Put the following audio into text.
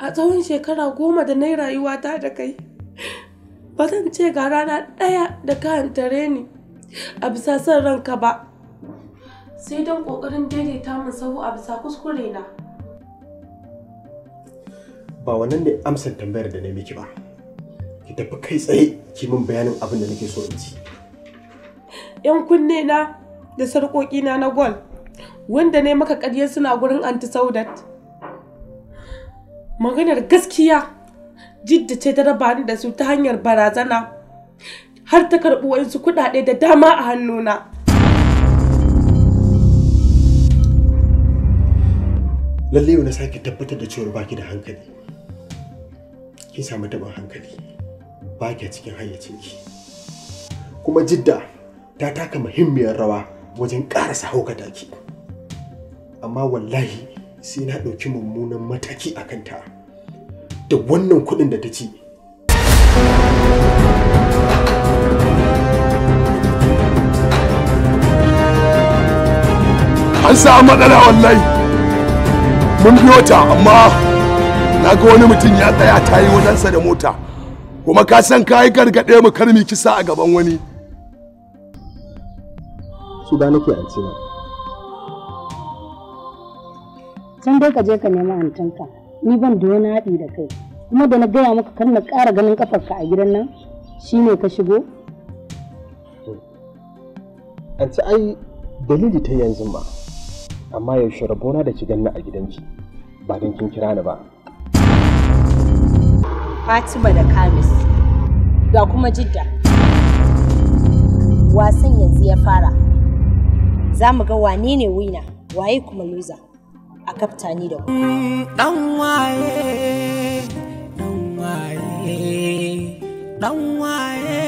a tsawon shekara goma da na yi ta da kai ba zan ce ga rana ɗaya da ka hantare ni a bisa son ranka ba sai don ƙoƙarin daidaita min sahu a bisa kuskure na ba wannan ne amsar tambayar da na miki ba ki tafi kai tsaye ki min bayanin abin da nake so in ci yan kunne na da sarƙoƙi na na gol wanda ne maka ƙarya suna gurin anti saudat maganar gaskiya jidda ce ta raba ni da su ta hanyar barazana har ta karɓi waɗansu kuɗaɗe da dama a hannuna lalle yau na sake tabbatar da cewar baki da hankali kin samu taɓin hankali baki cikin hayyacin ki kuma jidda ta taka muhimmiyar rawa wajen ƙarasa haukata ki amma wallahi sai na ɗauki mummunan mataki a kanta da wannan kuɗin da ta ci. An sa matsala wallahi mun biyo ta amma na ga wani mutum ya tsaya ta yi wajensa da mota kuma ka san ka yi gargaɗe mu karmi kisa a gaban wani. Su da nake can dai ka je ka nemi antanka, ni ban da wani haɗi da kai kuma da na gaya maka kan na ƙara ganin ƙafarka a gidan nan shine ka shigo anti ai dalili ta yanzu ba amma yaushe rabona da ki ganna a gidanki ba don kin kira ni ba Fatima da Kamis ga kuma Jidda wasan yanzu ya fara za mu ga wane ne wina waye kuma loser a kafta ni da ku. Dan waye, dan waye, dan waye.